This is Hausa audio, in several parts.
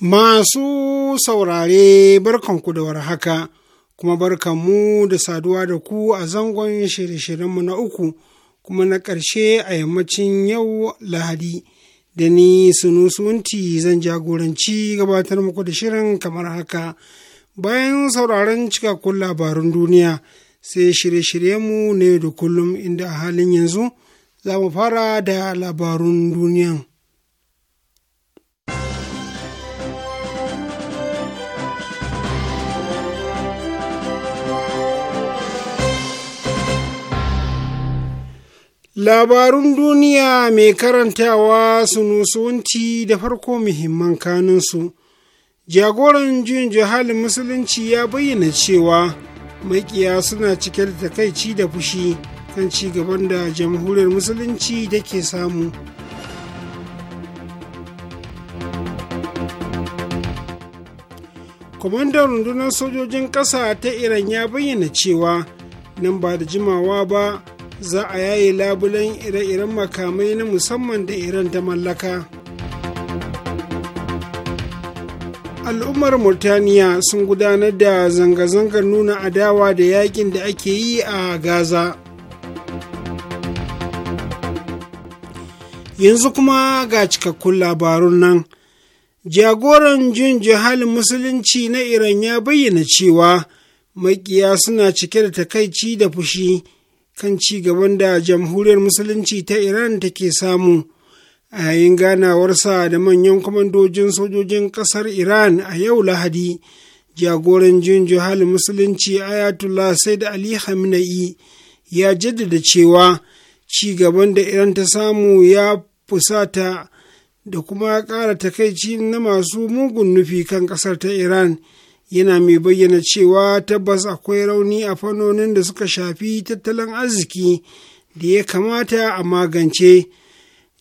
Masu saurare barkanku da warhaka, kuma barkanmu da saduwa da ku a zangon shirye-shiryenmu na uku, kuma na ƙarshe a yammacin yau Lahadi, da ni sunusunti zan jagoranci gabatar muku da shirin kamar haka. Bayan sauraron cikakkun labarun duniya, sai shirye-shiryenmu ne da kullum inda a halin yanzu za mu fara da labarun duniyan. Labarun duniya mai karantawa su sunusunti da farko muhimman kanunsu. Jagoran juyin jihalin musulunci ya bayyana cewa makiya suna cike da takaici da fushi kan ci gaban da jamhuriyar musulunci da ke samu. Kwamandan rundunar sojojin ƙasa ta Iran ya bayyana cewa nan ba da jimawa ba za a yaye labulen ire-iren makamai na musamman da iran ta mallaka al'ummar murtaniya sun gudanar da zanga-zangar nuna adawa da yakin da ake yi a gaza yanzu kuma ga cikakkun labarun nan jagoran jin jihalin musulunci na iran ya bayyana cewa makiya suna cike da takaici da fushi kan ci gaban da jamhuriyar musulunci ta iran take samu a yayin ganawarsa da manyan kwamandojin sojojin ƙasar iran a yau lahadi jagoran jin juhal musulunci ayatollah said ali hamna'i ya jaddada cewa ci gaban da iran ta samu ya fusata da kuma ƙara takaici na masu mugun nufi kan ƙasar ta iran yana mai bayyana cewa tabbas akwai rauni a fannonin da suka shafi tattalin arziki da ya kamata a magance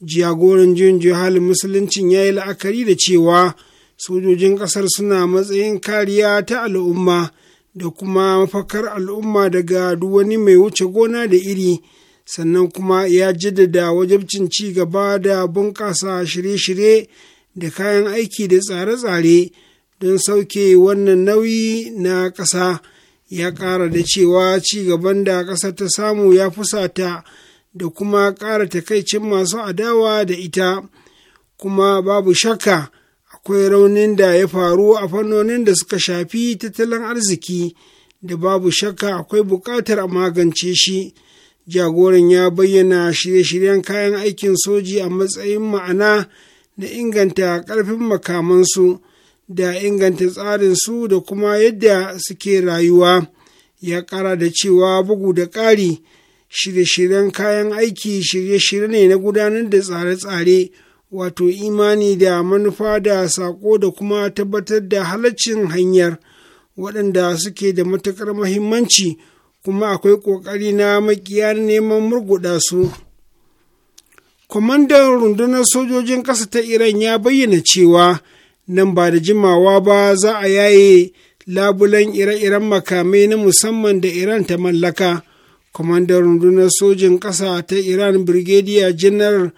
jagoran jin halin musuluncin ya yi la'akari da cewa sojojin ƙasar suna matsayin kariya ta al'umma da kuma mafakar al'umma daga duk wani mai wuce gona da iri sannan kuma ya jaddada wajabcin ci gaba da bunƙasa shirye-shirye da kayan aiki da tsare-tsare don sauke wannan nauyi na ƙasa ya ƙara da cewa ci gaban da ƙasar ta samu ya fusata da kuma ƙara takaicin masu adawa da ita kuma babu shakka akwai raunin da ya faru a fannonin da suka shafi tattalin arziki da babu shakka akwai buƙatar a magance shi jagoran ya bayyana shirye-shiryen kayan aikin soji a matsayin ma'ana na inganta ƙarfin makamansu da inganta tsarin su da kuma yadda suke rayuwa ya ƙara da cewa bugu da ƙari shirye-shiryen kayan aiki shirye-shirye ne na gudanar da tsare-tsare wato imani da manufa da saƙo da kuma tabbatar da halaccin hanyar waɗanda suke da matuƙar mahimmanci kuma akwai ƙoƙari na makiyar neman murguɗa su kwamandan rundunar sojojin ƙasa ta iran ya bayyana cewa nan ba da jimawa ba za a yaye labulen ire-iren makamai na musamman da iran ta mallaka kwamandan rundunar sojin ƙasa ta iran brigadier janar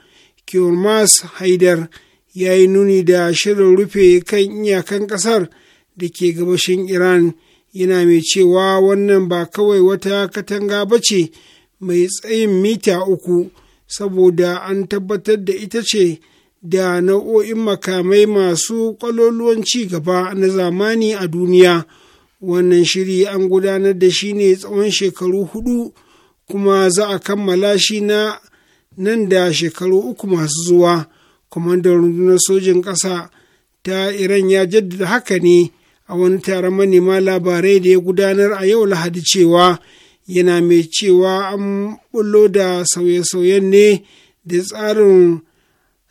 kiormas haidar ya yi nuni da shirin rufe kan iyakan ƙasar da ke gabashin iran yana mai cewa wannan ba kawai wata katanga ba ce mai tsayin mita uku saboda an tabbatar da ita ce da nau'o'in makamai masu kwaloluwan ci gaba na zamani a duniya wannan shiri an gudanar da shi ne tsawon shekaru hudu kuma za a kammala shi na nan da shekaru uku masu zuwa kwamandan rundunar sojin ƙasa ta iran ya jaddada haka ne a wani taron manema labarai da ya gudanar a yau lahadi cewa yana mai cewa an bullo da sauye-sauyen ne da tsarin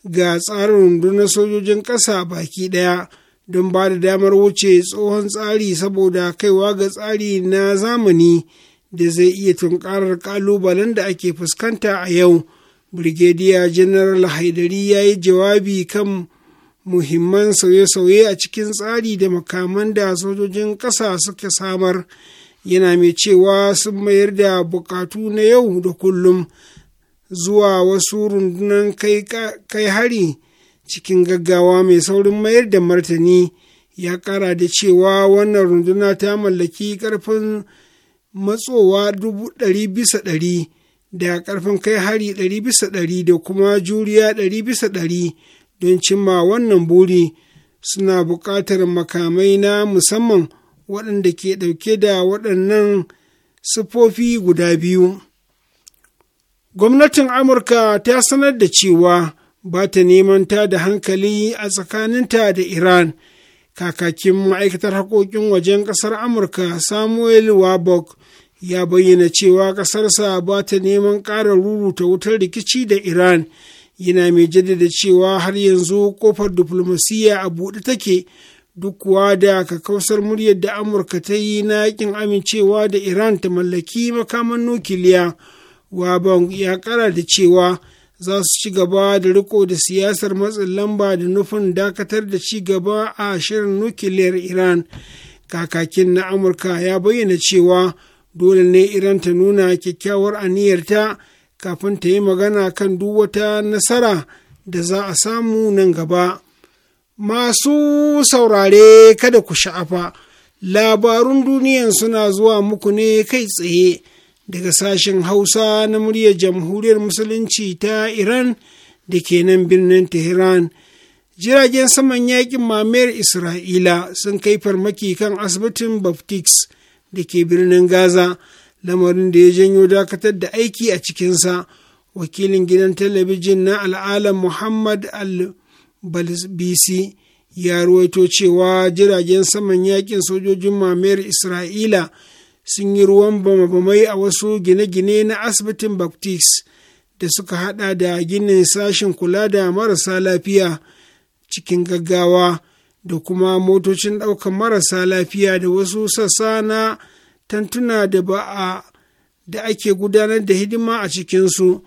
ga tsarin rundunar sojojin ƙasa baki ɗaya don ba da damar wuce tsohon tsari saboda kaiwa ga tsari na zamani da zai iya tunkarar ƙalubalen da ake fuskanta a yau brigadier general haidari ya yi jawabi kan muhimman sauye-sauye a cikin tsari da makaman da sojojin ƙasa suka samar yana mai cewa sun mayar da bukatu na yau da kullum zuwa wasu rundunan kai hari cikin gaggawa mai saurin mayar da martani ya kara da cewa wannan runduna ta mallaki karfin matsowa dubu ɗari bisa ɗari da karfin kai hari ɗari bisa ɗari da kuma juriya ɗari bisa ɗari don cimma wannan buri suna buƙatar makamai na musamman waɗanda ke ɗauke da waɗannan sufofi guda biyu. Gwamnatin Amurka ta sanar da cewa ba ta neman ta da hankali a tsakaninta da Iran. Kakakin ma'aikatar haƙoƙin wajen ƙasar Amurka Samuel Wabok ya bayyana cewa ƙasarsa ba ta neman ƙara ruruta wutar rikici da Iran. Yana mai jaddada cewa har yanzu ƙofar diflomasiyya a buɗe take duk kuwa da kakausar muryar da Amurka ta yi na yakin amincewa da Iran ta mallaki makaman nukiliya. Wabong ya kara da cewa za su ci gaba da riko da siyasar matsin lamba da nufin dakatar da ci gaba a shirin nukiliyar iran kakakin na amurka ya bayyana cewa dole ne iran ta nuna kyakkyawar aniyarta kafin ta yi magana kan duk wata nasara da za a samu nan gaba masu saurare kada ku sha'afa labarun duniyan suna zuwa muku ne kai tsaye daga sashen hausa na muryar jamhuriyar musulunci ta iran da ke nan birnin tehran jiragen saman yakin mamayar isra'ila sun kai farmaki kan asibitin baptiks da ke birnin gaza lamarin da ya janyo dakatar da aiki a cikinsa wakilin gidan talabijin na al'alam muhammad al ya ruwaito cewa jiragen saman yakin sojojin mamayar isra'ila sun yi ruwan bamabamai a wasu gine-gine na asibitin baptist da suka hada da ginin sashen kula da marasa lafiya cikin gaggawa da kuma motocin daukan marasa lafiya da wasu sassa na tantuna da ba a da ake gudanar da hidima a cikinsu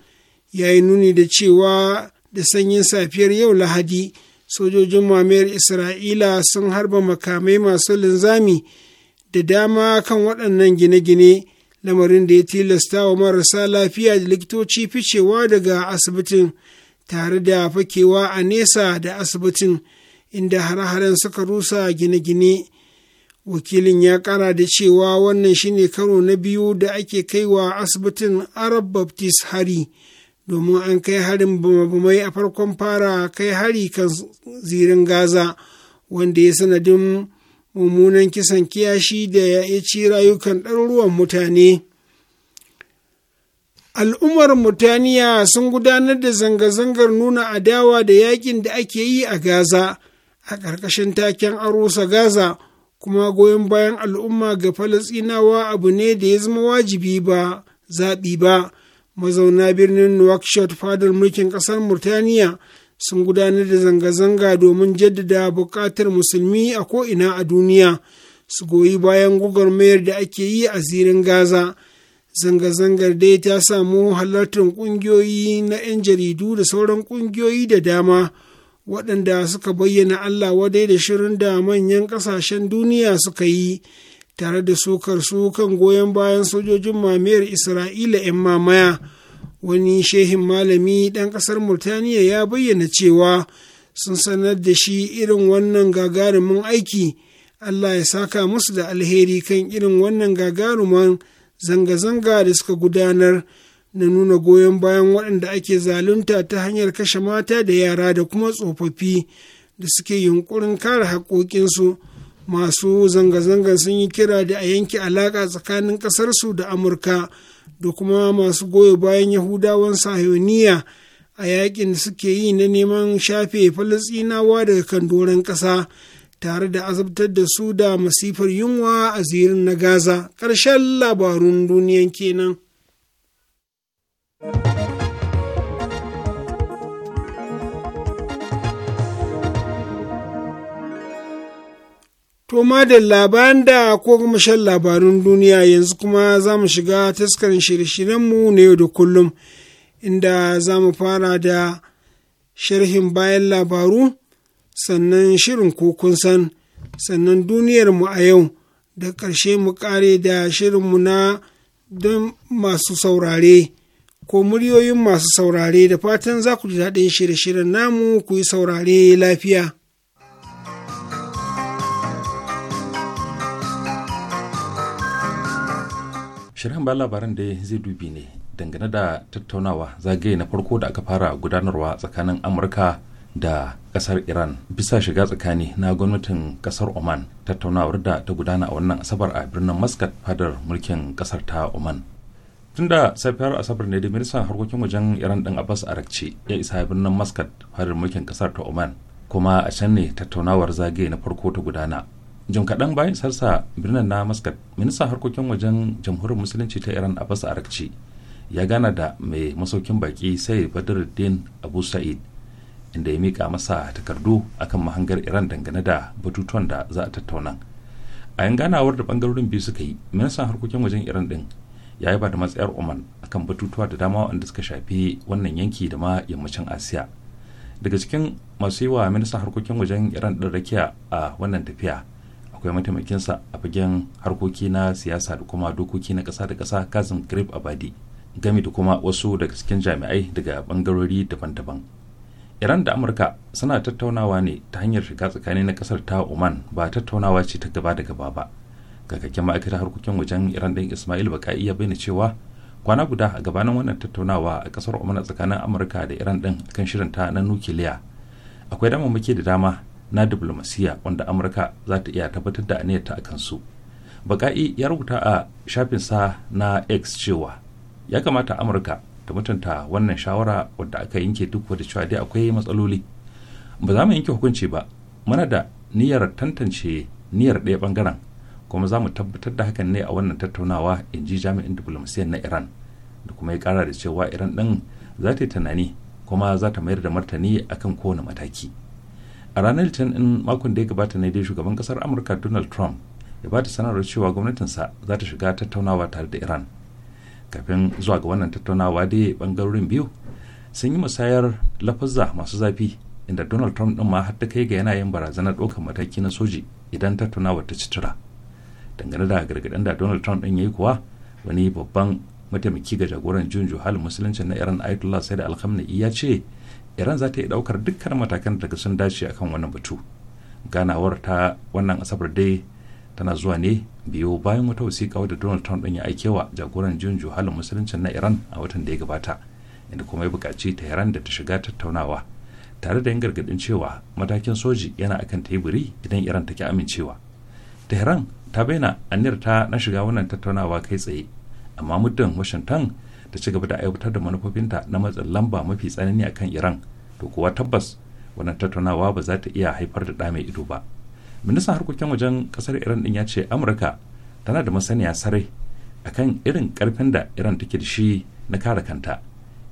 ya yi nuni da cewa da sanyin safiyar yau lahadi sojojin mamayar isra'ila sun harba makamai masu linzami da dama kan waɗannan gine-gine lamarin da ya tilasta wa marasa lafiya da likitoci ficewa daga asibitin tare da fakewa a nesa da asibitin inda hare-haren suka rusa gine-gine wakilin ya kara da cewa wannan shine karo na biyu da ake kaiwa asibitin arab baptist hari domin an kai harin bumabumai a farkon fara kai hari kan zirin gaza wanda ya sanadin mummunan kisan kiyashi da ya ci rayukan ɗaruruwan mutane al'ummar mutaniya sun gudanar da zanga-zangar nuna adawa da yakin da ake yi a gaza a ƙarƙashin taken arusa gaza kuma goyon bayan al'umma ga falasinawa abu ne da ya zama wajibi ba zaɓi ba mazauna birnin nouakchott fadar mulkin ƙasar murtaniya sun gudanar da zanga-zanga domin jaddada buƙatar musulmi a ko'ina a duniya su goyi bayan gwagwarmayar da ake yi a zirin gaza zanga-zangar dai ta samu halartar ƙungiyoyi na 'yan jaridu da sauran ƙungiyoyi da dama waɗanda suka bayyana allah wadai da shirin da manyan ƙasashen duniya suka yi tare da sukar su kan goyon bayan sojojin mamayar isra'ila 'yan mamaya. wani shehin malami ɗan ƙasar murtaniya ya bayyana cewa sun sanar da shi irin wannan gagarumin aiki allah ya saka musu da alheri kan irin wannan gagaruman zanga-zanga da suka gudanar na nuna goyon bayan waɗanda ake zalunta ta hanyar kashe mata da yara da kuma tsofaffi da suke yunkurin kare haƙoƙinsu masu zanga zanga sun yi kira da a yanke alaƙa tsakanin ƙasarsu da amurka da kuma masu goyo bayan yahudawan sahiyoniya a yakin da suke yi na neman shafe falasinawa daga kan doron ƙasa tare da azabtar da su da masifar yunwa a zirin na gaza ƙarshen labarun duniyan kenan. To da labaran da ko kuma shan labarun duniya yanzu kuma za mu shiga taskarin shirye-shiryenmu na yau da kullum inda za mu fara da sharhin bayan labaru sannan shirin kokun san sannan duniyar mu a yau da ƙarshe mu ƙare da shirinmu na don masu saurare ko muryoyin masu saurare da fatan za ku ji daɗin shirye-shiryen namu ku yi saurare lafiya. shirin ba labaran da zai dubi ne dangane da tattaunawa zagaye na farko da aka fara gudanarwa tsakanin amurka da kasar iran bisa shiga tsakani na gwamnatin kasar oman tattaunawar da ta gudana a wannan asabar a birnin muscat fadar mulkin kasar ta oman tun da safiyar asabar ne da ministan harkokin wajen iran din abbas arakci ya isa birnin muscat fadar mulkin kasar ta oman kuma a can ne tattaunawar zagaye na farko ta gudana jim kaɗan bayan sarsa birnin na muscat ministan harkokin wajen jamhuriyar musulunci ta iran abbas arakci ya gana da mai masaukin baki sai badruddin abu sa'id inda ya mika masa takardu akan mahangar iran dangane da batutuwan da za a tattauna a yan ganawar da bangarorin biyu suka yi ministan harkokin wajen iran din ya yi ba da matsayar oman akan batutuwa da dama wanda suka shafi wannan yanki da ma yammacin asiya daga cikin masu yi wa ministan harkokin wajen iran din rakiya a wannan tafiya akwai sa a fagen harkoki na siyasa da kuma dokoki na ƙasa da ƙasa kazim grip abadi gami da kuma wasu daga cikin jami'ai daga bangarori daban-daban iran da amurka suna tattaunawa ne ta hanyar shiga tsakanin na kasar ta oman ba tattaunawa ce ta gaba da gaba ba kakakken ma'aikatar harkokin wajen iran din ismail baka iya bayyana cewa kwana guda a gabanin wannan tattaunawa a kasar oman tsakanin amurka da iran din kan shirin ta na nukiliya akwai damammaki da dama na diplomasiya wanda amurka za ta iya tabbatar da aniyarta a kansu baka'i ya rubuta a shafinsa na x cewa ya kamata amurka ta mutunta wannan shawara wadda aka yanke duk wadda cewa dai akwai matsaloli ba za mu yanke hukunci ba muna da niyyar tantance niyyar ɗaya bangaren kuma za mu tabbatar da hakan ne a wannan tattaunawa in ji jami'in diplomasiyan na iran da kuma ya kara da cewa iran ɗin za ta yi tunani kuma za ta mayar da martani akan kowane mataki a ranar litinin din makon da ya gabata ne dai shugaban kasar amurka donald trump ya ba ta sanarwar cewa gwamnatinsa za ta shiga tattaunawa tare da iran kafin zuwa ga wannan tattaunawa dai bangarorin biyu sun yi musayar lafazza masu zafi inda donald trump din ma har ta kai ga yanayin barazanar ɗaukar mataki na soji idan tattaunawar ta ci tura dangane da gargaɗin da donald trump din ya yi kuwa wani babban mataimaki ga jagoran junjo juhal musulunci na iran ayatollah sai da alhamdulilayi ya ce iran za ta yi daukar dukkan matakan daga sun dace akan wannan batu ganawar ta wannan asabar dai tana zuwa ne biyo bayan wata wasiƙa wadda donald trump ɗin ya aikewa jagoran jin juhalin musuluncin na iran a watan da ya gabata inda kuma ya buƙaci tehran da ta shiga tattaunawa tare da yin gargadin cewa matakin soji yana akan teburi idan iran ta ki amincewa tehran ta bayyana aniyar ta na shiga wannan tattaunawa kai tsaye amma muddin washington ta ci gaba da aiwatar da manufofinta na matsin lamba mafi tsanani akan iran to kuwa tabbas wannan tattaunawa ba za ta iya haifar da ɗa mai ido ba ministan harkokin wajen kasar iran din ya ce amurka tana da masaniya sarai akan irin karfin da iran take da shi na kare kanta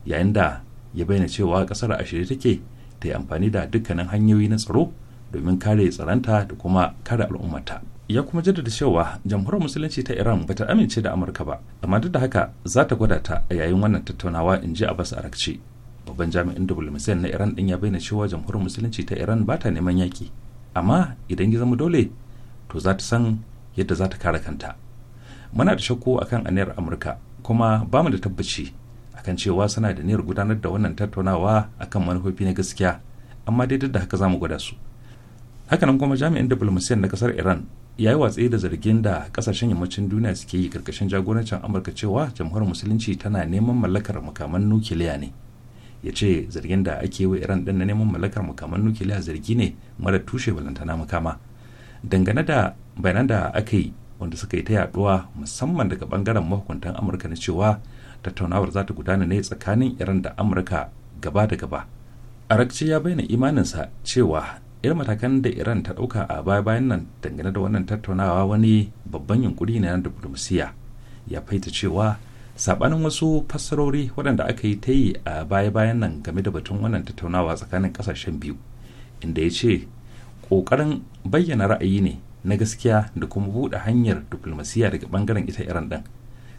yayin da ya bayyana cewa kasar a shirye take ta yi amfani da dukkanin hanyoyi na tsaro domin kare tsaranta da kuma kare al'ummata ya kuma jaddada cewa jamhuriyar musulunci ta iran bata amince da amurka ba amma duk da haka za ta gwada ta a yayin wannan tattaunawa in ji abbas arakci babban jami'in wmsn na iran din ya bayyana cewa jamhuriyar musulunci ta iran ba ta neman yaki amma idan ya zama dole to za ta san yadda za ta kare kanta muna da shakku akan aniyar amurka kuma ba mu da tabbaci akan cewa suna da niyyar gudanar da wannan tattaunawa akan manufofi na gaskiya amma dai duk da haka za mu gwada su hakanan kuma jami'in wmsn na kasar iran ya yi watsi da zargin da kasashen yammacin duniya suke yi karkashin jagorancin amurka cewa jamhuriyar musulunci tana neman mallakar makaman nukiliya ne ya ce zargin da ake wa iran din na neman mallakar makaman nukiliya zargi ne mara tushe balantana makama dangane da bayanan da aka yi wanda suka yi ta yaduwa musamman daga bangaren mahukuntan amurka na cewa tattaunawar za ta gudana ne tsakanin iran da amurka gaba da gaba arakci ya bayyana imaninsa cewa irin matakan da iran ta dauka a baya bayan nan dangane da wannan tattaunawa wani babban yunkuri ne na diplomasiya ya faita cewa sabanin wasu fassarori waɗanda aka yi ta yi a baya bayan nan game da batun wannan tattaunawa tsakanin kasashen biyu inda ya ce ƙoƙarin bayyana ra'ayi ne na gaskiya da kuma buɗe hanyar diplomasiya daga bangaren ita iran ɗin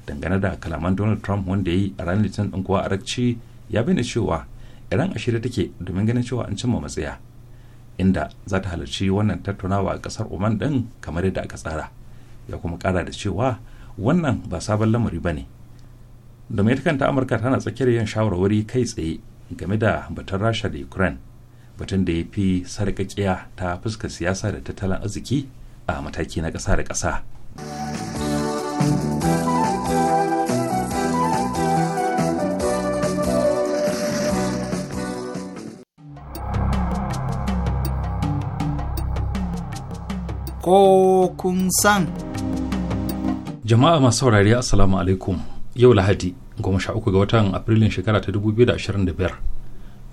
dangane da kalaman donald trump wanda ya yi a ranar litinin ɗin kuwa arakci ya bayyana cewa iran a shirye take domin ganin cewa an cimma matsaya inda za ta halarci wannan tattaunawa a kasar oman din kamar yadda aka tsara ya kuma kara da cewa wannan ba sabon lamari ba ne da mai kanta amurka tana tsakiyar yin shawarwari kai tsaye game da batun rasha da ukraine batun da ya fi sarƙaƙiya ta fuska siyasa da tattalin arziki a mataki na ƙasa da ƙasa. ko kun san. Jama'a masu saurari Assalamu alaikum yau Lahadi goma sha uku ga watan Afrilun shekara ta dubu biyu da ashirin da biyar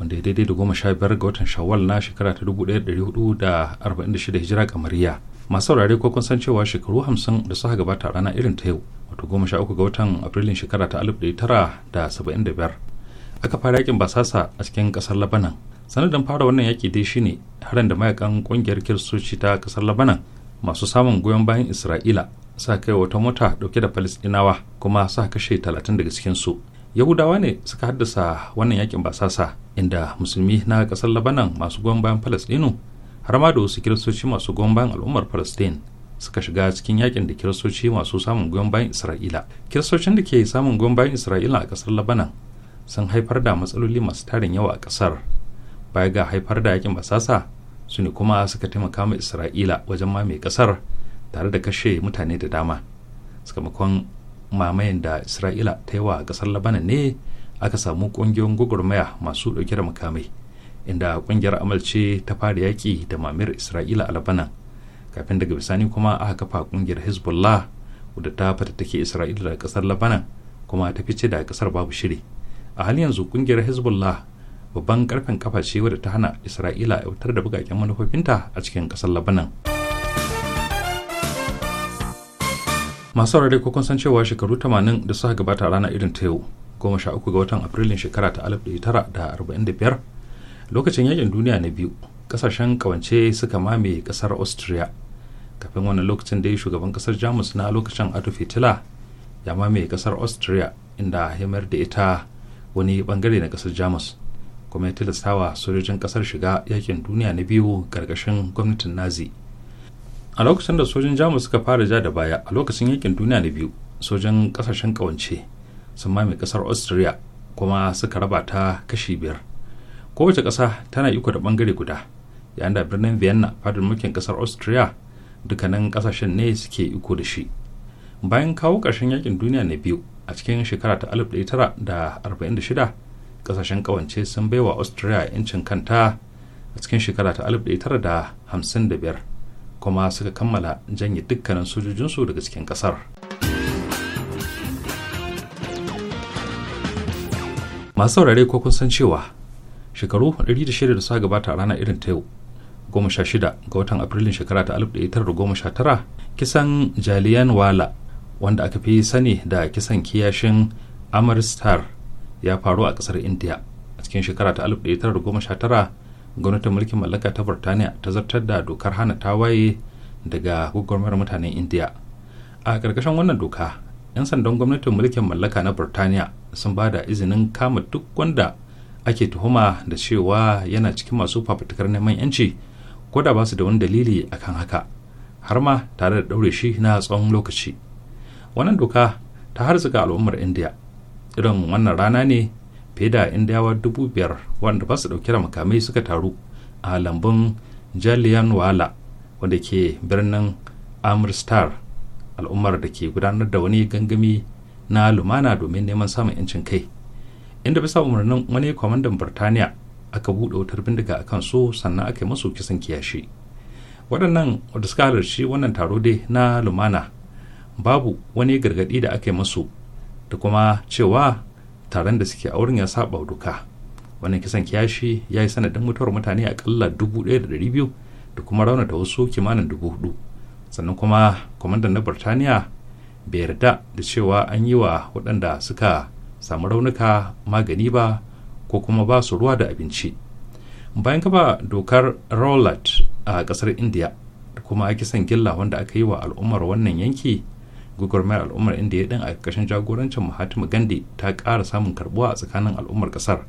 wanda ya daidai da goma sha biyar ga watan Shawwal na shekara ta dubu ɗaya da ɗari hudu da arba'in da shida hijira kamariya. Masu saurari ko kun san cewa shekaru hamsin da suka gabata rana irin ta yau wato goma sha uku ga watan Afrilun shekara ta alif ɗaya tara da saba'in da biyar. Aka fara yakin basasa a cikin ƙasar Labanan sanadin fara wannan yaki dai shine harin da mayakan ƙungiyar kiristoci ta kasar labanan masu samun goyon bayan isra'ila sa kai wata mota dauke da palestinawa kuma sa kashe 30 daga cikinsu yahudawa ne suka haddasa wannan yakin basasa inda musulmi na kasar labanan masu goyon bayan palestino har ma da wasu kiristoci masu goyon bayan al'ummar palestine suka shiga cikin yakin da kiristoci masu samun goyon bayan isra'ila kiristocin da ke samun goyon bayan isra'ila a kasar labanan sun haifar da matsaloli masu tarin yawa a kasar baya ga haifar da yakin basasa su ne kuma suka taimaka ma isra'ila wajen mame kasar tare da kashe mutane da dama sakamakon mamayen da isra'ila ta yi wa kasar labanan ne aka samu kungiyoyin gwagwarmaya masu dauke da makamai inda kungiyar amalce ta fara yaƙi da mamayar isra'ila a labanan kafin daga bisani kuma aka kafa kungiyar hezbollah wadda ta fatattake isra'ila da kasar labanan kuma ta fice da kasar babu shiri a halin yanzu kungiyar hezbollah babban karfin kafa ce wadda ta hana isra'ila yautar da bugaken manufofinta a cikin kasar labanan masu saurare ko kun san cewa shekaru 80 da suka gabata rana irin ta yau goma sha uku ga watan afrilun shekara ta 1945 lokacin yakin duniya na biyu kasashen kawance suka mame kasar austria kafin wannan lokacin da shugaban kasar jamus na lokacin adolf hitler ya mame kasar austria inda ya mayar da ita wani bangare na kasar jamus kuma ya wa sojojin kasar shiga yakin duniya na biyu gargashin gwamnatin nazi a lokacin da sojin jamus suka fara ja da baya a lokacin yakin duniya na biyu sojin kasashen kawance sun mame kasar austria kuma suka raba ta kashi biyar kowace ƙasa tana iko da bangare guda yayin da birnin vienna fadin mulkin kasar austria dukkanin kasashen ne suke iko da shi bayan kawo ƙarshen yakin duniya na biyu a cikin shekara ta 1946 kasashen kawance sun bai wa australia incin kanta a cikin shekara ta 1955 kuma suka kammala janye dukkanin sojojinsu daga cikin kasar masu saurare ko kun san cewa shekaru 106 da suka gabata a rana irin ta yau 16 ga watan afrilun shekara ta 1919 kisan jaliyan wala wanda aka fi sani da kisan kiyashin amaristar ya faru a kasar india a cikin shekara ta 1919 gwamnatin mulkin mallaka ta burtaniya ta zartar da dokar hana tawaye daga gwagwarmar mutanen india a karkashin wannan doka 'yan sandan gwamnatin mulkin mallaka na burtaniya sun ba da izinin kama duk wanda ake tuhuma da cewa yana cikin masu fafutukar neman 'yanci ko da ba su da wani dalili akan haka har ma tare da ɗaure shi na tsawon lokaci wannan doka ta harzuka al'ummar india irin wannan rana ne fiye da yawa dubu biyar wanda ba su dauki da makamai suka taru a lambun jaliyan wala wanda ke birnin amurstar al'ummar da ke gudanar da wani gangami na lumana domin neman samun 'yancin kai inda bisa umarnin wani kwamandan birtaniya aka buɗe wutar bindiga a kan su sannan aka yi masu kisan kiyashi waɗannan wadda suka halarci wannan taro dai na lumana babu wani gargaɗi da aka yi masu da kuma cewa taron da suke a wurin ya saba doka wannan kisan kiyashi ya yi sanadin mutuwar mutane akalla dubu ɗaya da ɗari biyu da kuma raunata wasu kimanin dubu hudu sannan kuma kwamandan na birtaniya bai yarda da cewa an yi wa waɗanda suka samu raunuka magani ba ko kuma ba su ruwa da abinci bayan kafa dokar rowlatt a ƙasar india da kuma kisan gilla wanda aka yi wa al'ummar wannan yanki gugurmayar al'ummar inda ya din a ƙarshen jagorancin mahatma gandhi ta ƙara samun karbuwa a tsakanin al'ummar ƙasar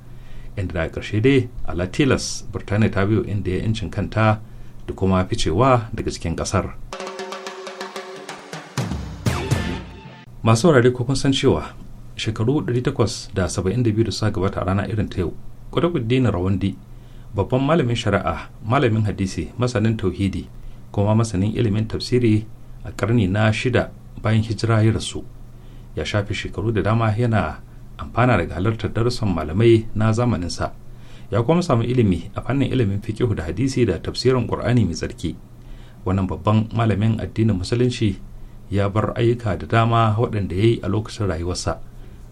inda da ƙarshe dai a tilas birtaniya ta biyo inda ya incin kanta da kuma ficewa daga cikin ƙasar masu wurare ko kun san cewa shekaru 872 da suka gabata a rana irin ta yau kudubuddin rawandi babban malamin shari'a malamin hadisi masanin tauhidi kuma masanin ilimin tafsiri a karni na shida bayan hijira ya rasu ya shafi shekaru da dama yana amfana daga halartar darussan malamai na zamaninsa ya kuma samu ilimi a fannin ilimin fikihu da hadisi da tafsirin qur'ani mai tsarki wannan babban malamin addinin musulunci ya bar ayyuka da dama waɗanda ya yi a lokacin rayuwarsa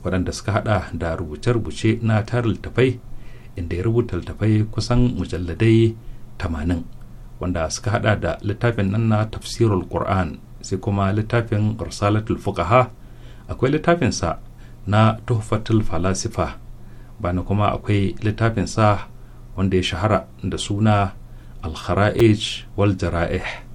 waɗanda suka hada da rubuce-rubuce na tarin littafai inda ya rubuta littafai kusan mujalladai 80 wanda suka hada da littafin nan na tafsirul qur'an sai kuma littafin risalatul fuqaha akwai littafinsa na tuhfatul falasifa bana kuma akwai littafinsa wanda ya shahara da suna al-khara'ij wal jara'ih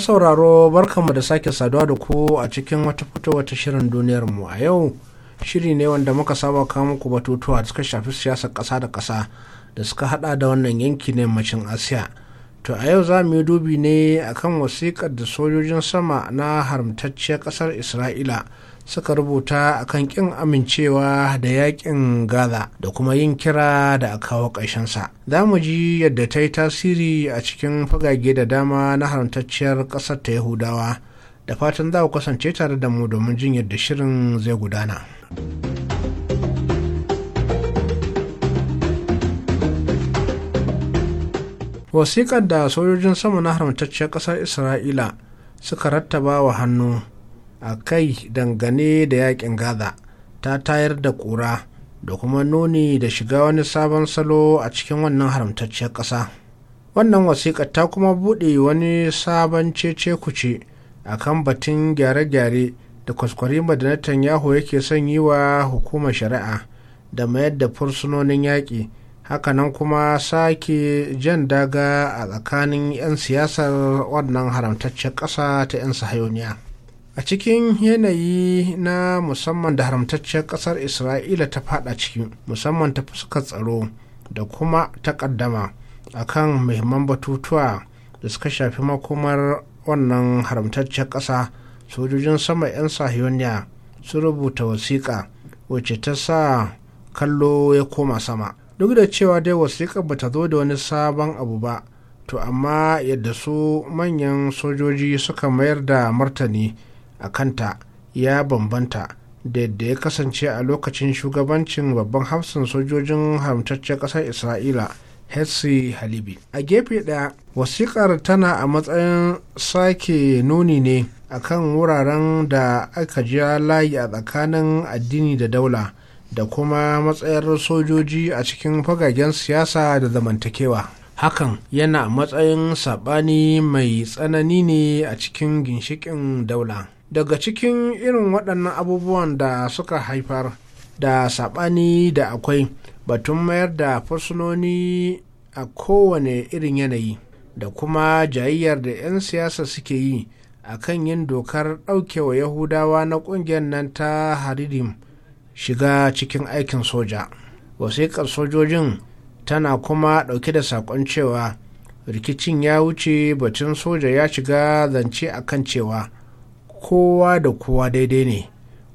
sauraro barkanmu da sake saduwa da ku a cikin wata fito wata shirin duniyar mu a yau shiri ne wanda muka saba kawo muku batutuwa da suka shafi siyasar ƙasa da ƙasa da suka hada da wannan yanki na yammacin asiya to a yau za mu yi dubi ne akan wasiƙar da sojojin sama na haramtacciyar ƙasar isra'ila suka rubuta a kan ƙin amincewa da yaƙin gaza da kuma yin kira da a kawo sa za mu ji yadda ta yi tasiri a cikin fagage da dama na haramtacciyar ƙasar ta yahudawa da fatan za ku kasance tare da mu domin jin yadda shirin zai gudana. wasiƙar da sojojin sama na haramtacciyar ƙasar isra'ila suka rattaba wa hannu a kai dangane da yakin gaza ta tayar da kura da kuma nuni da shiga wani sabon salo a cikin wannan haramtacciyar ƙasa wannan wasiƙa ta kuma buɗe wani sabon cece kuce a kan batun gyare-gyare da kwaskwarima madanatan Yahu yake son yi wa hukumar shari'a da mayar da fursunonin yaƙi hakanan kuma sake jan daga a tsakanin 'yan siyasar wannan haramtacciyar ƙasa ta 'yan sahayoniya. a cikin yanayi na musamman da haramtacciyar ƙasar isra'ila ta fada ciki musamman ta fuskar tsaro da kuma takaddama a kan muhimman batutuwa da suka shafi makomar wannan haramtacciyar ƙasa sojojin sama 'yan sahiyoniya su rubuta wasiƙa wacce ta sa kallo ya koma sama duk da cewa dai wasiƙar ba ta zo da wani sabon abu ba to amma yadda su manyan sojoji suka mayar da martani a kanta ya bambanta da yadda ya kasance a lokacin shugabancin babban hafsan sojojin haramtaccen ƙasar isra'ila hetsi halibi a gefe ɗaya wasiƙar tana a matsayin sake nuni ne akan wuraren da aka ji layi a tsakanin addini da daula da kuma matsayar sojoji a cikin fagagen siyasa da zamantakewa hakan yana matsayin saɓani mai tsanani ne a cikin ginshiƙin daula daga cikin irin waɗannan abubuwan da suka haifar da saɓani da akwai batun mayar da fursunoni a kowane irin yanayi da kuma jayayyar da 'yan siyasa suke yi a kan yin dokar ɗaukewa yahudawa na ƙungiyar nan ta haririm shiga cikin aikin soja wasiƙar sojojin tana kuma ɗauke da saƙon cewa rikicin ya wuce batun soja ya shiga zance akan cewa kowa da kowa daidai ne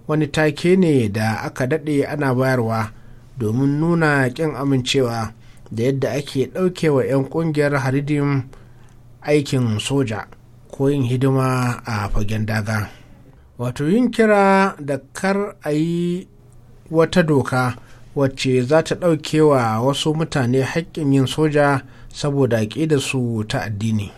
wani take ne da aka daɗe ana bayarwa domin nuna ƙin amincewa da yadda ake ɗaukewa 'yan ƙungiyar haridim aikin soja ko yin hidima a fagen daga wato yin kira da kar a yi wata doka wacce za ta ɗaukewa wasu mutane haƙƙin yin soja saboda su ta addini.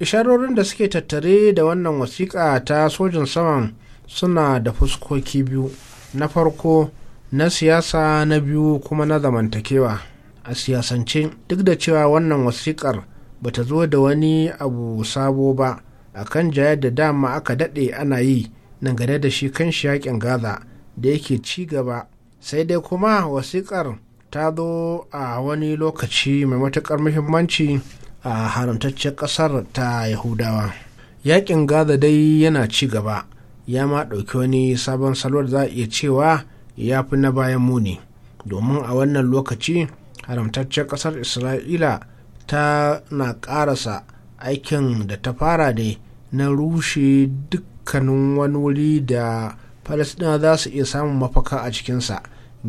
isharorin da suke tattare da wannan wasiƙa ta sojin saman suna da fuskoki biyu na farko na siyasa na biyu kuma na zamantakewa a siyasance duk da cewa wannan wasiƙar ba ta zo da wani abu sabo ba a kan jaya da dama aka daɗe ana yi nan gada da shi kan shi yaƙin gaza da yake ci gaba sai dai kuma wasiƙar ta zo a wani lokaci mai matuƙar muhimmanci a haramtaccen ƙasar ta yahudawa yakin gaza dai yana ci gaba ya ma ɗauki wani sabon salwar za a iya cewa ya fi na bayan muni domin a wannan lokaci haramtaccen ƙasar isra'ila ta na ƙarasa aikin da ta fara ne na rushe dukkanin wani wuri da falasɗina za su iya samun mafaka a cikinsa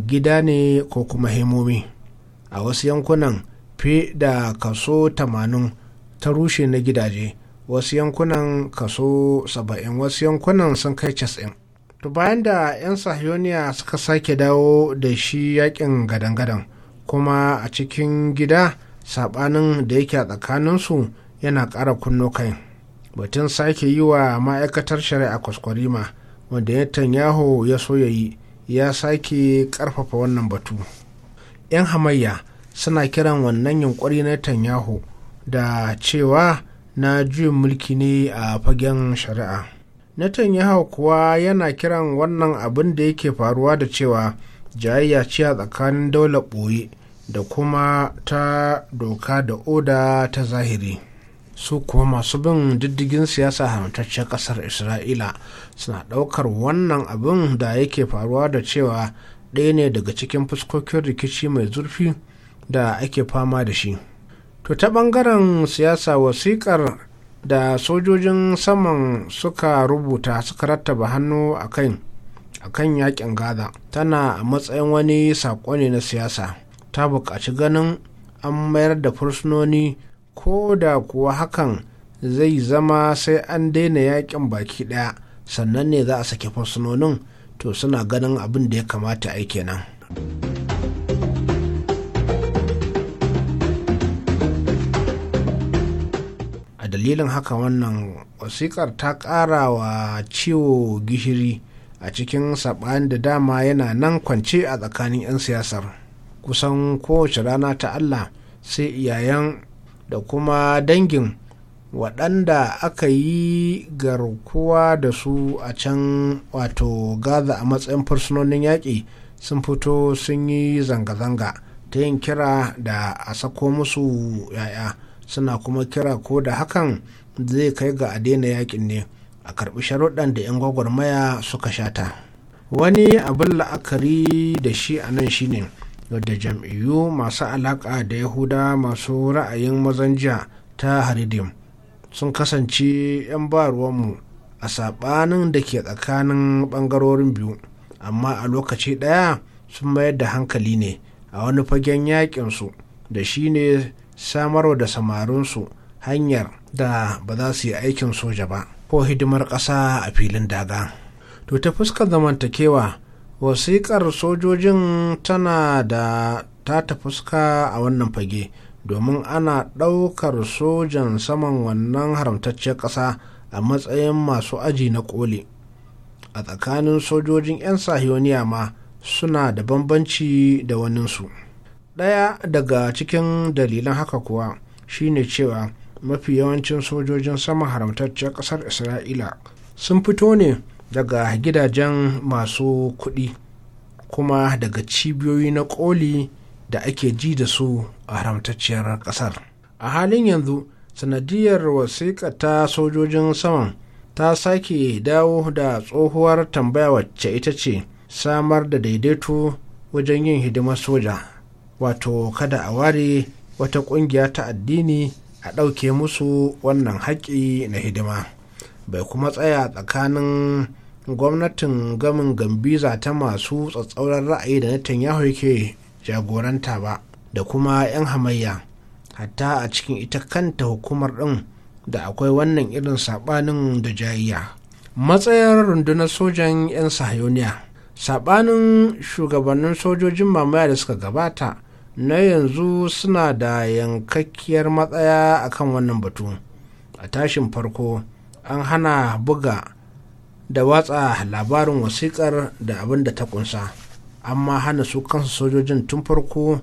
gida ne ko kuma hemomi a wasu yankunan fi da kaso 80 ta rushe na gidaje wasu yankunan kaso 70 wasu yankunan sun kai 90 to bayan da 'yan sahiyoniya suka sake dawo da shi yakin gadan-gadan kuma a cikin gida sabanin da yake a tsakaninsu yana ƙara kunno kai batun sake yi wa ma'aikatar shari'a kwaskwarima wanda netanyahu ya so ya yi ya sake ƙarfafa wannan batu 'yan hamayya suna kiran wannan yunkuri na Netanyahu da cewa na juyin mulki ne a fagen shari'a. Netanyahu kuwa yana kiran wannan abin da yake faruwa da cewa jayayya ce a tsakanin daular ɓoye da kuma ta doka da oda ta zahiri. su kuma masu bin diddigin siyasa haramtaccen kasar isra'ila suna ɗaukar wannan abin da yake faruwa da cewa ɗaya ne daga cikin fuskokin rikici mai zurfi da ake fama da shi to ta ɓangaren siyasa wasikar da sojojin saman suka rubuta suka rattaba hannu a kan akan yakin gaza tana a matsayin wani saƙo ne na siyasa ta buƙaci ganin an mayar da fursunoni ko da kuwa hakan zai zama sai an daina yakin baki ɗaya sannan ne za a sake fursunonin to suna ganin abin da ya kamata ai kenan. dalilin haka wannan wasikar ta ƙara wa ciwo gishiri a cikin saɓani da dama yana nan kwance a tsakanin 'yan siyasar kusan kowace rana ta allah sai iyayen da kuma dangin waɗanda aka yi garkuwa da su a can wato gaza a matsayin fursunonin yaƙi sun fito sun yi zanga-zanga ta yin kira da a sako musu yaya suna kuma kira ko da hakan zai kai ga a daina yakin ne a karbi sharuɗan da 'yan gwagwarmaya suka shata wani abin la'akari da shi a nan shine da jam'iyyu masu alaƙa da yahuda masu ra'ayin mazanja ta haridim sun kasance 'yan baruwanmu a saɓanin da ke tsakanin ɓangarorin biyu amma a lokaci ɗaya sun mayar da hankali ne a wani fagen yaƙinsu da shi ne samarwa da samarinsu hanyar da ba za su yi aikin soja ba ko hidimar ƙasa a filin daga to ta fuskar zamantakewa wasiƙar sojojin tana da ta ta fuska a wannan fage domin ana ɗaukar sojan saman wannan haramtacciyar ƙasa a matsayin masu aji na ƙoli a tsakanin sojojin 'yan sahiyoniya ma suna da bambanci da waninsu. ɗaya daga cikin dalilan haka kuwa shine cewa mafi yawancin sojojin sama haramtacciyar ƙasar isra'ila sun fito ne daga gidajen masu kuɗi kuma daga cibiyoyi na ƙoli da ake ji da su a haramtacciyar ƙasar a halin yanzu sanadiyar wasiƙa ta sojojin saman ta sake dawo da tsohuwar tambaya wacce ita ce samar da daidaito wajen yin hidimar soja wato kada a ware wata ƙungiya ta addini a ɗauke musu wannan haƙƙi na hidima bai kuma tsaya tsakanin gwamnatin gamin gambiza ta masu tsatsauran ra'ayi da Netanyahu yake jagoranta ba da kuma 'yan hamayya hatta a cikin ita kanta hukumar ɗin da akwai wannan irin saɓanin da jayayya matsayar rundunar sojan 'yan sahayoniya saɓanin shugabannin sojojin mamaya da suka gabata na yanzu suna da yankakkiyar matsaya a kan wannan batu a tashin farko an hana buga da watsa labarin wasiƙar da abin da ta kunsa amma hana su kansu sojojin tun farko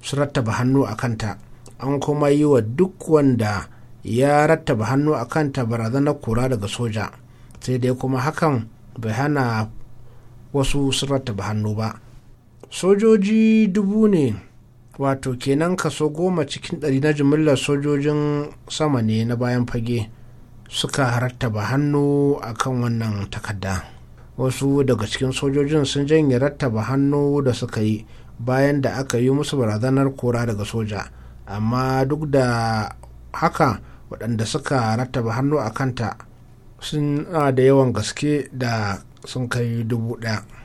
su rattaba hannu a kanta an kuma yi wa duk wanda ya rattaba hannu a kanta barazanar kura daga soja sai dai kuma hakan bai hana wasu su rattaba hannu ba sojoji dubu ne wato kenan kaso goma cikin ɗari na jimillar sojojin sama ne na bayan fage suka rattaba hannu a kan wannan takarda wasu daga cikin sojojin sun janye rattaba hannu da suka yi bayan da aka yi musu barazanar kora daga soja amma duk da haka waɗanda suka rattaba hannu a kanta suna ah, da yawan gaske da sun kai dubu ɗaya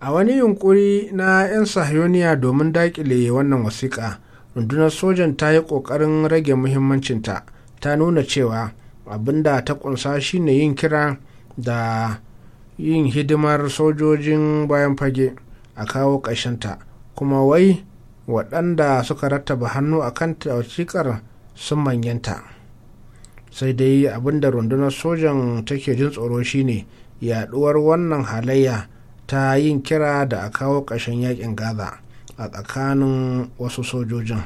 a wani yunkuri na 'yan sahiyoniya domin daƙile wannan wasiƙa rundunar sojan ta yi ƙoƙarin rage muhimmancinta ta nuna cewa abin da ta ƙunsa shine yin kira da yin hidimar sojojin bayan fage a kawo ƙashinta kuma wai waɗanda suka rattaba hannu a kan wasiƙar sun manyanta sai dai abin da rundunar sojan take jin tsoro shine yaɗuwar wannan halayya ta yin kira da a kawo ƙashin yakin gaza a tsakanin wasu sojojin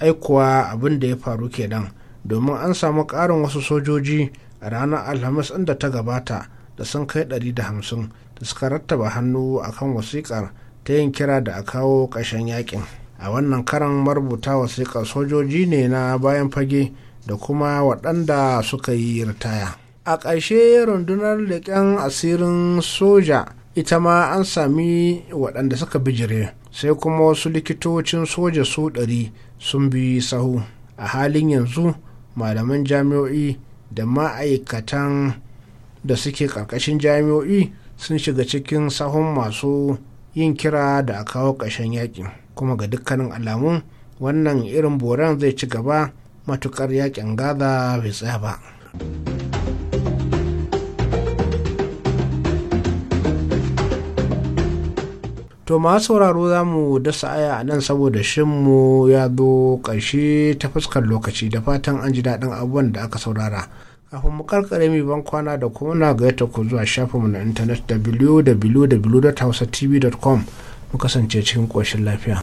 aikuwa abin da ya faru kenan domin an samu ƙarin wasu sojoji a ranar alhamis inda ta gabata da sun kai 150 da suka rattaba hannu akan wasiƙar ta yin kira da a kawo ƙashin yakin a wannan karan marubuta wasiƙar sojoji ne na bayan fage da kuma waɗanda suka yi ritaya a ƙarshe rundunar leƙen asirin soja ita ma an sami waɗanda suka bijire sai kuma wasu likitocin soja su ɗari sun bi sahu a halin yanzu malaman jami'o'i da ma'aikatan da suke ƙarƙashin jami'o'i sun shiga cikin sahun masu yin kira da a kawo ƙarshen yaƙi kuma ga dukkanin alamu wannan irin boran zai ci gaba matuƙar yaƙin gaza bai tsaya ba. to ma sauraro za mu dasa aya a nan saboda shinmu ya zo ƙarshe ta fuskar lokaci da fatan an ji daɗin abubuwan da aka saurara kafin mu karkare mai ban kwana da kuma na gayyata ku zuwa shafin mu na intanet www.hausatv.com mu kasance cikin ƙoshin lafiya.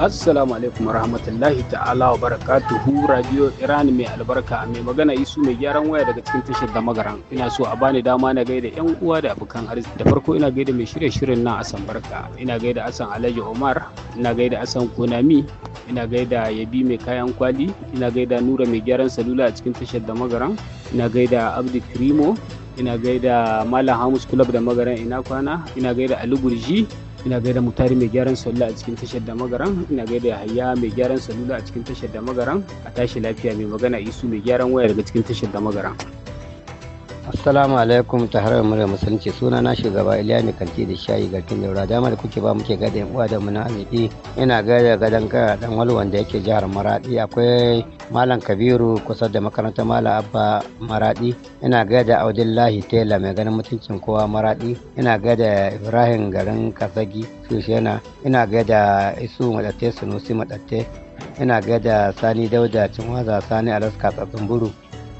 assalamu alaikum rahmatullahi ta'ala wa barakatuhu radio iran mai albarka mai magana isu mai gyaran waya daga cikin tashar da magaran ina so a bani dama na gaida yan uwa da abokan arziki da farko ina gaida mai shirye shirin na asan barka ina gaida asan alhaji omar ina gaida asan konami ina gaida yabi mai kayan kwali ina gaida nura mai gyaran salula a cikin tashar da magaran ina gaida abdi krimo ina gaida malam hamus club da magaran ina kwana ina gaida ali gurji ina gaida mutari mai gyaran salula a cikin tashar da magaran ina gaida Hayya mai gyaran salula a cikin tashar da magaran a tashi lafiya mai magana isu mai gyaran waya daga cikin tashar da magaran Assalamu alaikum ta harar murar musulunci suna na shugaba Iliya mai kanti da shayi garkin daura dama da kuke ba muke gada yan uwa da muna arziki ina gada gadon kara dan wani wanda yake jihar Maradi akwai Malam Kabiru kusa da makarantar Malam Abba Maradi ina gada Audillahi Tela mai ganin mutuncin kowa Maradi ina gada Ibrahim garin Kasagi Sushena ina gada Isu Madatte Sunusi Madatte ina gada Sani Dauda Cinwaza Sani Alaska Tsatsin Buru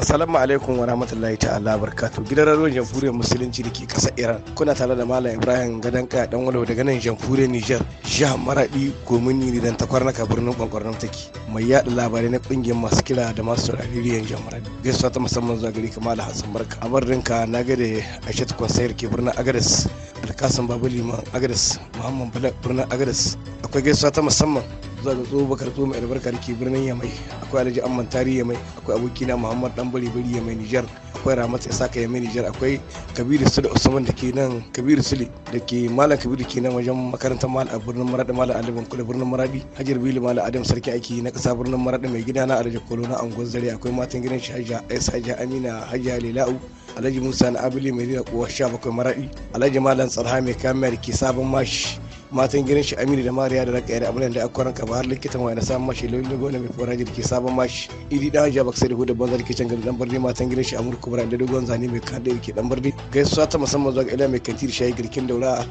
Assalamu alaikum wa rahmatullahi ta'ala barkatu. Gidan radiyon Jamhuriyar Musulunci da ke ƙasar Iran. Kuna tare da Malam Ibrahim Gadanka dan walau daga nan Jamhuriyar Niger. Jihar Maradi Gomini ne dan takwarnaka birnin Kwankwarnan take. Mai yaɗa labarai na ƙungiyar masu kira da masu saurari Jihar Maradi. Gaisuwa ta musamman zuwa gari kamar da Hassan Barka. A barinka na gade Aishatu Kwansayar ke birnin Agadas. Alkasan Babu Liman Agadas. Muhammad Bala birnin Agadas. Akwai gaisuwa ta musamman zan tso bakar tso mai albarkar ke birnin yamai akwai alhaji amman tari yamai akwai abokina muhammad dan bari bari yamai nijar akwai ramat isaka yamai nijar akwai kabiru sule usman da ke nan kabiru sule da ke malam kabiru ke nan wajen makarantar mal a birnin maradi malam aliban kula birnin maradi hajar bilu malam adam sarki ake na kasa birnin maradi mai gida na alhaji kolo na angon zare akwai matan gidan shi hajja aisa hajja amina hajja lela'u alhaji musa na abili mai rina kowa sha bakwai maradi alhaji malam tsarha mai kamar ke sabon mashi matan gidan shi aminu da mariya da raka da abin da aka ranka ba har likitan wani samun mashi lauyin gona mai foraji da ke sabon mashi idi da dan baka sai da hudu banza da ke can gari dan birni matan gidan shi amurka bura da dogon zane mai kan da ke dan birni gaisuwa ta musamman zuwa ga ila mai kantir shayi girkin daura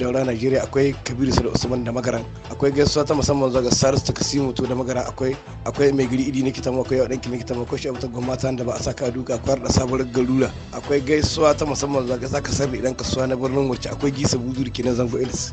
daura najeriya akwai kabiru su da usman da magaran akwai gaisuwa ta musamman zuwa ga sars ta kasimu to da magara akwai akwai mai giri idi nake mu akwai yawan kita mu akwai gwamma ta da ba a saka duka akwai da sabuwar garura akwai gaisuwa ta musamman zuwa ga zaka sarri idan kasuwa na birnin wacce akwai gisa buzu da ke nan zango ilis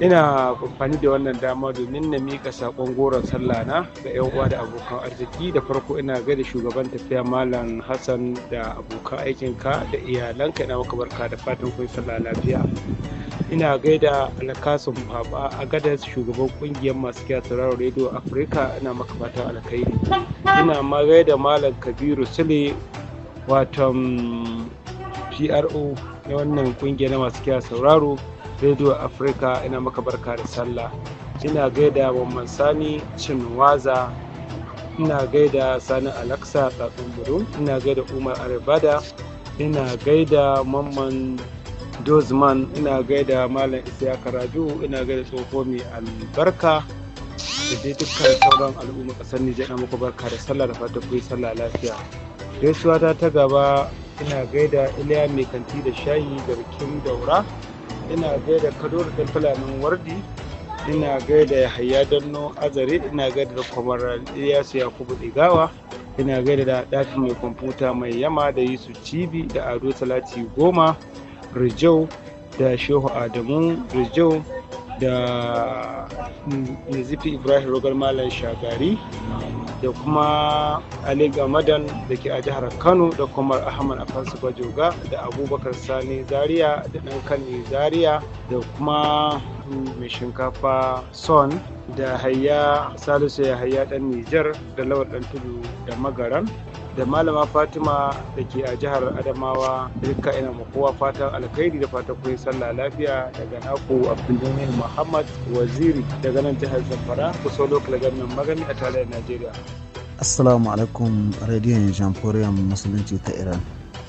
ina amfani da wannan dama domin na mika sakon goron sallah na ga yan uwa da abokan arziki da farko ina gaida shugaban tafiya malam hassan da abokan aikinka da iyalanka ina maka barka da fatan kun sallah lafiya ina gaida alkasun baba a gadar shugaban kungiyar masu kiya sauraro rediyo afirka ina maka fatan alkhairi ina ma gaida malam kabiru sule watan pro na wannan kungiyar masu kiya sauraro radio africa ina maka barka da sallah ina gaida wa sani cinwaza ina gaida sani alaksa tsatsun buru ina gaida umar arbada ina gaida mamman dozman ina gaida malam isiyaka raju ina gaida tsoho mai albarka da dai dukkan sauran al'umma kasar nijar na muku barka da sallah da fata kuyi sallah lafiya gaisuwa ta ta gaba ina gaida iliya mai kanti da shayi da rikin daura ina gaida kadoro da fulanin wardi ina gaida hayya danno azare ina gaida da kwamar iyasu kubu digawa ina gaida da dafi mai kwamfuta mai yama da yusuf cibi da ado talati goma rijau da shehu adamu rijau da nazifi ibrahim rogar malam shagari da kuma ali gamadan da ke a jihar kano da kuma ahmad a afansu bajoga da abubakar sani zaria da dan kani zaria da kuma Salisu mai shinkafa son da hayya Salisu ya hayya ɗan Nijar da lawar ɗan tudu da magaran da malama fatima da ke a jihar adamawa duka ina makowa kowa fatan alkhairi da fatan kun sallah lafiya daga naku abdulmumin muhammad waziri daga nan jihar zamfara kusa lokal gamin magani a tarayyar najeriya assalamu alaikum radiyon jamhuriyar musulunci ta iran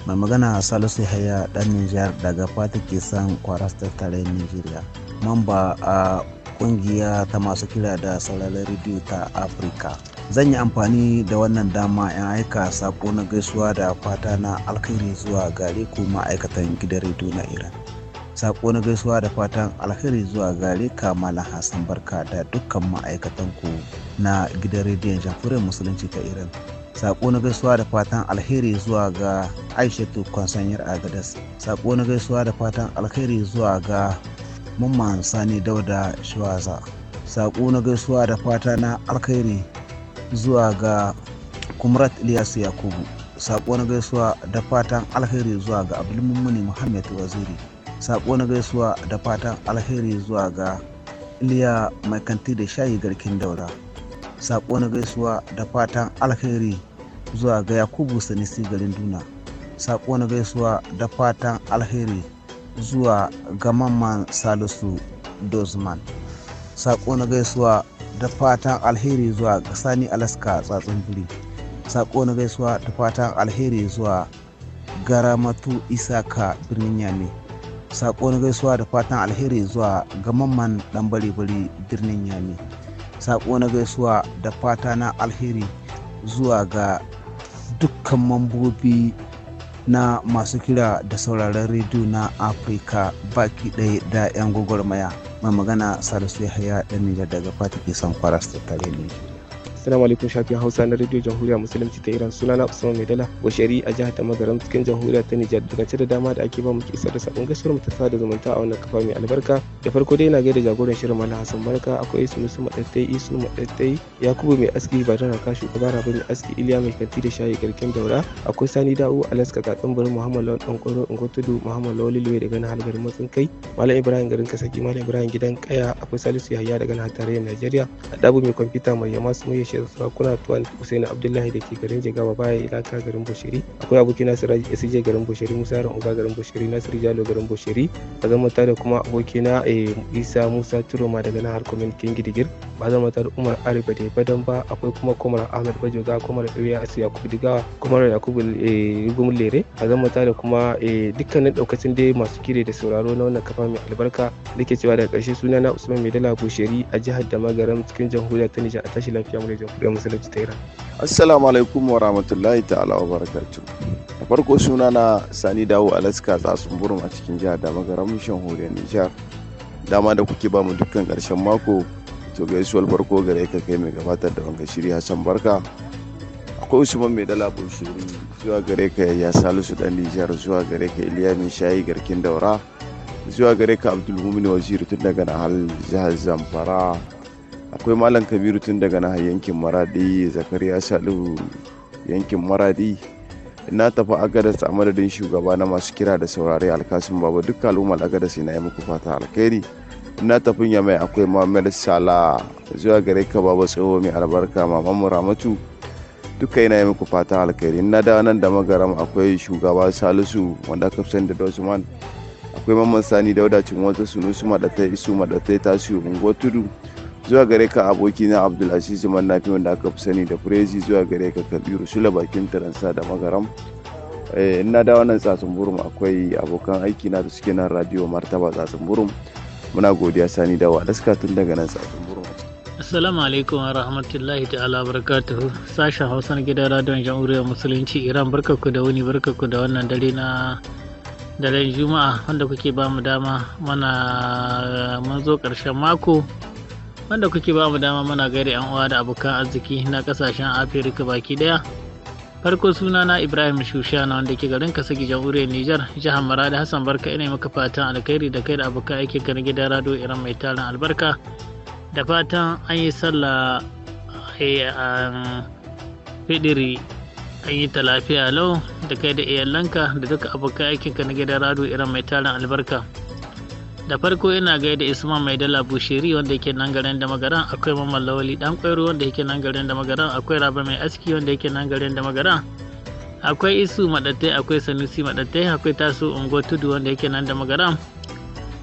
mai magana salisu haya dan nijar daga fata ke san kwaras tattare nigeria mamba a kungiya ta masu kira da sauraron rediyo ta afirka zan yi amfani da wannan dama in aika sako na gaisuwa da fata na alkhairi zuwa gare ku ma'aikatan gidan rediyo na iran sako na gaisuwa da fatan alkhairi zuwa gare ka malam hassan barka da dukkan ma'aikatan ku na gidan rediyon jamhuriyar musulunci ta iran sako na gaisuwa da fatan alheri zuwa ga aishatu kwansanyar agadas sako na gaisuwa da fatan alheri zuwa ga mamman sani dauda shiwaza sako na gaisuwa da fata na alheri zuwa ga kumrat ilyasu yakubu sako na gaisuwa da fatan alheri zuwa ga abdulmumuni muhammad waziri sako na gaisuwa da fatan alheri zuwa ga iliya mai kanti da shayi garkin daura sako na gaisuwa da fatan alheri zuwa ga yakubu sanisi garin duna saƙo na gaisuwa da fatan alheri zuwa ga mamman salisu dozman saƙo na gaisuwa da fatan alheri zuwa ga sani alaska tsatsin biri saƙo na gaisuwa da fatan alheri zuwa garamatu isaka birnin yame saƙo na gaisuwa da fatan alheri zuwa ga mamman ɗan bari-bari birnin yame saƙo na gaisuwa da fata na alheri zuwa ga dukkan mambobi na masu kira da sauraron rediyo na afirka baki ɗaya da 'yan gwagwarmaya mai magana salisu haya ɗan daga fata ke son da tare ne. Assalamu alaikum shafin Hausa na Radio Jamhuriya Musulunci ta Iran sunana Usman Maidala Bashari a jihar Tamagaram cikin Jamhuriya ta Nijar daga da dama da ake ba mu isar da sabon gaskiyar mu ta sada zumunta a wannan kafa mai albarka da farko dai na da jagoran shirin Malam Hassan Barka akwai musu Madattai Isu Madattai Yakubu mai aski da raka shugaba Rabi mai aski Iliya mai kanti da shayi garken daura akwai Sani Da'u Alaska Gatsan Bari Muhammad Lawan Dan Kwaro Ngotudu Muhammad Lawal Liwe daga nan Halgar Matsin Kai Malam Ibrahim garin Kasaki Malam Ibrahim gidan Kaya akwai Salisu Yahaya daga nan tarayyar Najeriya dabu mai kwamfuta mai yama su mai bashir sarakuna tuwan usaini abdullahi da ke garin jigawa baya ilaka garin bushiri akwai aboki nasiru sj garin bushiri musa yaron uba garin bushiri nasiru jalo garin bushiri ba zan manta da kuma aboki na eh, isa musa turoma daga nahar kwamitin gidigir ba zan manta da umar Ari, Bade, badan ba akwai kuma Komar ahmed bajoga Komar ɗauya asu yakubu digawa Komar yakubu rigum eh, lere ba zan manta da kuma eh, dukkanin ɗaukacin dai masu kire da sauraro na wannan kafa mai albarka da ke cewa daga ƙarshe suna na usman maidala bushiri a jihar Damagaram cikin jamhuriyar ta nijar a tashi lafiya mu jamhuriyar musulunci ta iran assalamu alaikum wa rahmatullahi ta'ala wa barakatu a farko suna na sani dawo alaska tsatsun burum a cikin jihar da magaramin hore nijar dama da kuke ba mu dukkan karshen mako to gaisuwar farko gare ka kai mai gabatar da wanka shiri hassan barka akwai usman mai dala shiri zuwa gare ka ya salisu dan nijar zuwa gare ka iliya shayi garkin daura zuwa gare ka abdulmumin waziri tun daga nahal jihar zamfara akwai malam kabiru tun daga na yankin maradi zakariya salihu yankin maradi na tafi agadas a madadin shugaba na masu kira da saurare alkasun Babu duk al'ummar agadas na yi muku fata alkhairi na tafi ya mai akwai muhammad sala zuwa gare ka Babu tsoho mai albarka maman ramatu duka yana yi muku fata alkhairi na da nan da magaram akwai shugaba salisu wanda aka fi da dosman akwai mamman sani da wadacin wata sunu su madatai isu madatai tasiru unguwar tudu zuwa gare ka aboki na abdulaziz mannafi wanda aka fi sani da firezi zuwa gare ka kabiru shula bakin taransa da magaram eh, ina da wannan tsatsun burum akwai abokan aiki na da suke nan radio martaba tsatsun burum muna godiya sani da wadaska tun daga nan tsatsun burum Assalamu alaikum wa rahmatullahi ta'ala barakatuhu sashen Hausa na gidan radon jamhuriyar musulunci Iran barkaku da wuni barkaku da wannan dare na daren Juma'a wanda kuke ba mu dama mana mun zo ƙarshen mako wanda kuke ba mu dama muna gari yan uwa da abokan arziki na kasashen afirka baki daya farko suna na ibrahim shushana wanda ke garin kasa jamhuriyar nijar jihar maradi hassan barka ina maka fatan alkhairi da kai da abokan aiki na gidan rado iran mai tarin albarka da fatan an yi sallah a fidiri an yi ta lafiya lau da kai da iyalanka da duka abokan aikinka na gidan rado iran mai tarin albarka da farko ina gaida isma mai dala bushiri wanda yake nan garin da magaran akwai mamman lawali dan kwairo wanda yake nan garin da magaran akwai raba mai aski wanda yake nan garin da magaran akwai isu maɗatai akwai sanusi maɗatai akwai taso ungo tudu wanda yake nan da magaran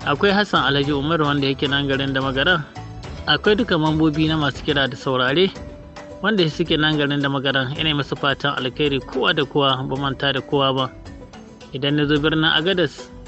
akwai hassan alhaji umar wanda yake nan garin da magaran akwai duka mambobi na masu kira da saurare wanda suke nan garin da magaran ina masu fatan alkhairi kowa da kowa ba manta da kowa ba idan na zo birnin agadas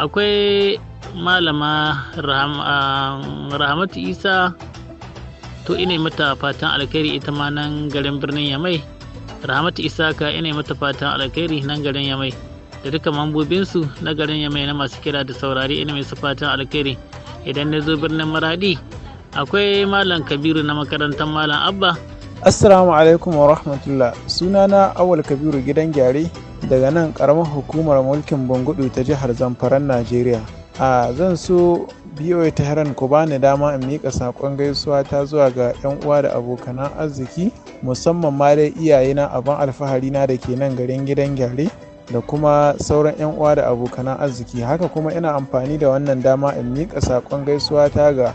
akwai malama ah, rahamatu isa to ina mata fatan alkhairi ita ma nan garin birnin yamai rahamatu isa ka ina mata fatan alkhairi nan garin yamai da duka mambobinsu na garin yamai na masu kira da saurari ina mai su fatan alkhairi idan na zo birnin maradi akwai malam kabiru na makarantar malam abba assalamu alaikum wa rahmatullah sunana awal kabiru gidan gyare daga nan karamar hukumar mulkin bangudu ta jihar zamfaran najeriya a zan so biyo ta heran ku bani dama in miƙa saƙon gaisuwa ta zuwa ga 'yan uwa da abokanan arziki musamman ma dai iyayena abin alfahari na da ke nan garin gidan gyare da kuma sauran 'yan uwa da abokanan arziki haka kuma ina amfani da wannan dama in miƙa saƙon gaisuwa ta ga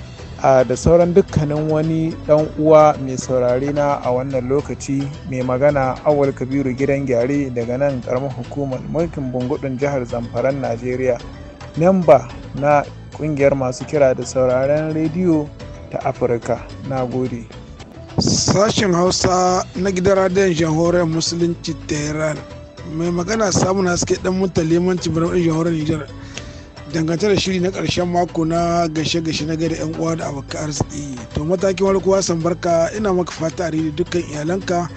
a da sauran dukkanin wani dan uwa mai saurare na a wannan lokaci mai magana awal kabiru gidan gyare daga nan karamar hukumar mulkin bungudun jihar zamfaran najeriya memba na kungiyar masu kira da sauraren rediyo ta afirka na gode sashen hausa na gidan radiyon jamhuriyar musulunci tehran mai magana samun haske dan mutalimanci birnin jamhuriyar nijar dangance da shiri na karshen mako na gashe-gashe na gari yan uwa da abokan arziki to matakin kowa san barka ina maka fata da dukkan iyalanka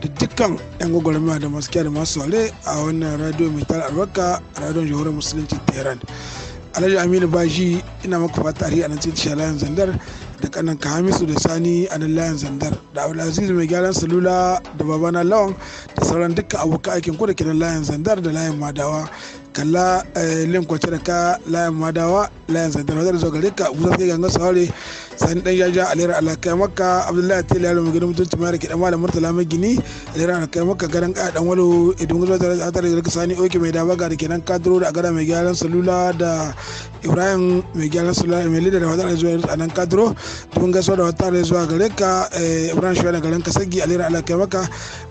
da dukkan yan gwagwarmiya da masu da masu wale a wannan radio mai tara albarka radio jihohar musulunci tehran alhaji aminu baji ina maka fata a nan cikin layin zandar da kanan ka hamisu da sani a nan layin zandar da abdulaziz mai gyaran salula da babana lawan da sauran dukkan abokan aikin ku da kiran layin zandar da layin madawa kalla eh, lin kwace da ka layan madawa layan santa na zo gare ka busa sai ganga saware sani dan jaja alera alakai maka abdullahi tele yaro mai gidan mutunci mai rike dan da murtala mai gini alera alakai maka garan ka dan walo idan zo tare da tare da sani oke mai dabaga da kenan kadro da agada mai gyaran salula da ibrahim mai gyaran salula mai lida da wata da zuwa a nan kadro dubin gaisuwa da wata da zuwa gare ka eh, ibrahim shi da garin kasagi alera alakai maka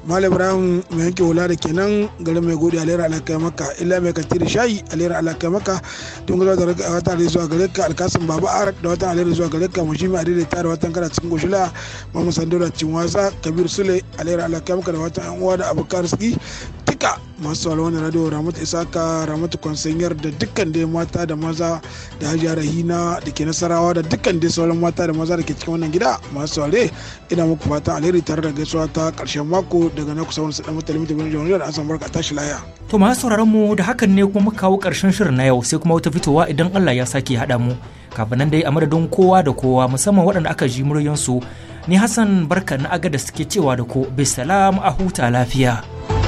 malam ibrahim mai yanke hula da kenan garin mai gode alera alakai maka illa mai Tiri shayi alheri alaka maka tun gaza da wata alheri zuwa gare ka alkasin baba arak da wata alheri zuwa gare ka mushimi a daidaita da watan kana cikin goshila mamu sandora cin wasa kabir sule alheri alaka maka da wata yan uwa da abokan arziki duka masu sauraron wani radio ramatu isaka ramatu konsanyar da dukkan dai mata da maza da hajiya rahina da ke nasarawa da dukkan dai sauran mata da maza da ke cikin wannan gida masu saurare ina muku fata alheri tare da gaisuwa ta karshen mako daga na kusa wani sadan limita mutum jamhuriyar da asan barka tashi laya. to masu sauraron mu da hakan ne kuma kawo karshen shirin na yau sai kuma wata fitowa idan allah ya sake haɗa mu kafin nan dai a madadin kowa da kowa musamman waɗanda aka ji muryansu ni hassan barka na aga da suke cewa da ku bisalam a huta lafiya.